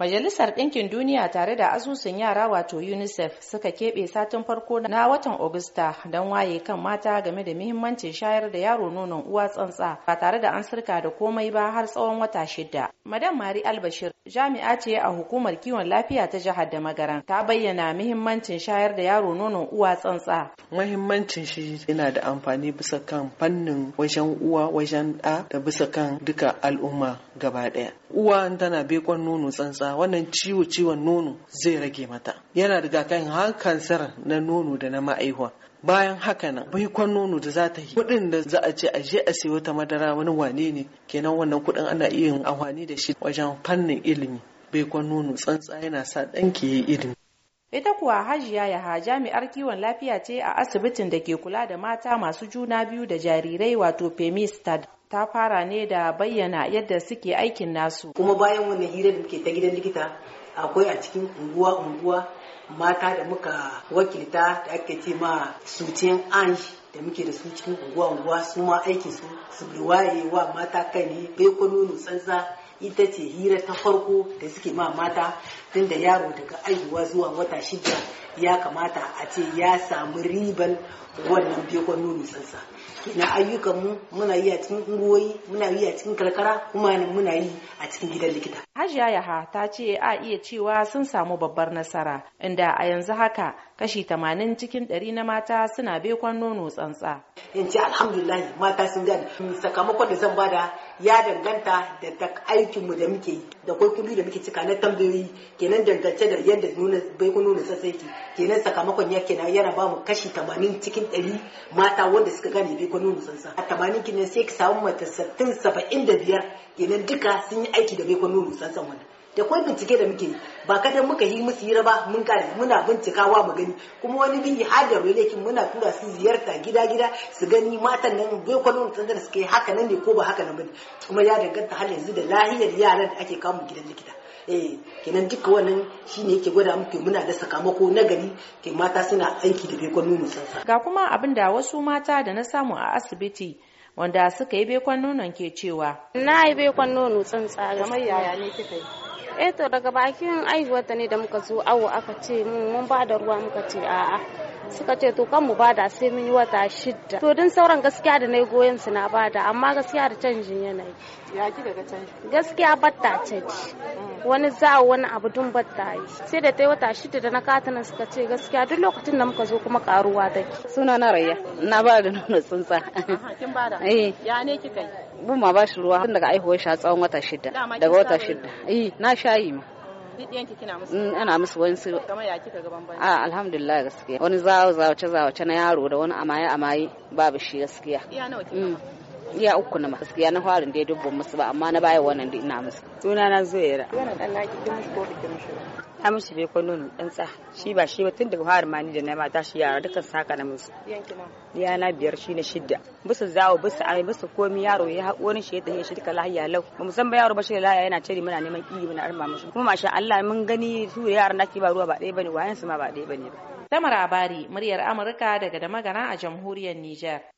Majalisar Ɗinkin Duniya tare da asusun yara wato UNICEF suka keɓe satin farko na watan Agusta don waye kan mata game da muhimmancin shayar da yaro nonon uwa tsantsa ba tare da an sirka da komai ba har tsawon wata shida. Madam Mari Albashir jami'a ce a hukumar kiwon lafiya ta jihar da magaran ta bayyana muhimmancin shayar da yaro nonon uwa tsantsa. Muhimmancin shi yana da amfani bisa kan fannin wajen uwa wajen ɗa da bisa kan duka al'umma gaba ɗaya. uwa tana bekon nono tsantsa wannan ciwo ciwon nono zai rage mata yana rigakafin har kansar na nono da na ma'aihuwa bayan haka nan baikon nono da za ta yi kuɗin da za a ce a je a sayo wata madara wani wane ne kenan wannan kuɗin ana iya yin amfani da shi wajen fannin ilimi baikon nono tsantsa yana sa ɗanki ya yi ilimi ita kuwa hajiya yaha jami'ar kiwon lafiya ce a asibitin da ke kula da mata masu juna biyu da jarirai wato femistad ta fara ne da bayyana yadda suke aikin nasu kuma bayan wannan hira da muke ta gidan likita akwai a cikin unguwa unguwa mata da muka wakilta da ake ce ma sucin anji da muke da su cikin unguwa unguwa su ma aikin su su wa mata kai ne bai ko nono tsantsa ita ce hira ta farko da suke ma mata tun da yaro daga aihuwa zuwa wata shida ya kamata a ce ya samu riban wannan bekon nono sansa kina ayyukan mu muna yi a cikin unguwoyi muna yi a cikin karkara kuma muna yi a cikin gidan likita hajiya yaha ta ce a iya cewa sun samu babbar nasara inda a yanzu haka kashi tamanin cikin ɗari na mata suna bekon nono tsantsa in ce alhamdulillah mata sun gani. sakamakon da zan bada ya danganta da ta aikinmu da muke da kwaikwabi da muke cika na tambayoyi kenan dangance da yadda nuna bai ku nuna sassaici kenan sakamakon ya kenan yana ba mu kashi 80 cikin 100 mata wanda suka gane bai ku nuna sassa a tamanin kenan sai ki samu mata da biyar kenan duka sun yi aiki da bai ku nuna sassan wannan da kwai bincike da muke ba kadan muka yi musu hira ba mun kare muna bincikawa mu gani kuma wani bi har da muna tura su ziyarta gida gida su gani matan nan bai kwalon tsandar suke haka nan ne ko ba haka nan ba kuma ya danganta har yanzu da lahiyar yaran da ake kawo gidan likita eh kenan duka wannan shine yake gwada muke muna da sakamako na gari ke mata suna aiki da baikon nono sansa ga kuma abin da wasu mata da na samu a asibiti wanda suka yi bekon nonon ke cewa na yi bekon nono tsantsa kamar yaya ne kika yi eh to daga bakin aihuwarta ne da muka zo awo aka ce mun ba da ruwa muka ce a'a suka ce to kan mu bada sai mun yi wata shidda to din sauran gaskiya da nayi goyon su na bada amma gaskiya da canjin yanayi ya ki daga canji gaskiya batta canji wani za'a wani abu dun ta yi sai da ta yi wata shida da na katina suka ce gaskiya duk lokacin da muka zo kuma karuwa ke suna na rayya na ba da nuna tsuntsa kin bada eh ya ne kika yi bun ma ba shi ruwa tun daga aihuwar shi tsawon wata shida daga wata shida eh na yi ma kina musu mm, ana musu wani su kamar ya kika gaban bayan a ah, alhamdulillah gaskiya wani zawo zawace zawace na yaro da wani amaye amaye babu shi gaskiya iya nawa kika mm. iya uku na gaskiya na fara da ya dubbo musu ba amma na baya wannan da ina musu suna na zuwa yana dan musu ko bikin musu bai ko nono dan tsa shi ba shi ba tun daga fara mani da na mata shi yara duka saka na musu ya na biyar shi na shidda musu zawo musu ai musu komi yaro ya haƙorin shi ya tafi shi duka lahiya lau ba san ba yaro ba shi lahiya yana cire mana neman kiyi mana arma musu kuma masha Allah mun gani su yaran naki ba ruwa ba ɗaya bane wayan su ma ba ɗaya bane ba Tamar Abari, muryar Amurka daga da magana a jamhuriyar Nijar.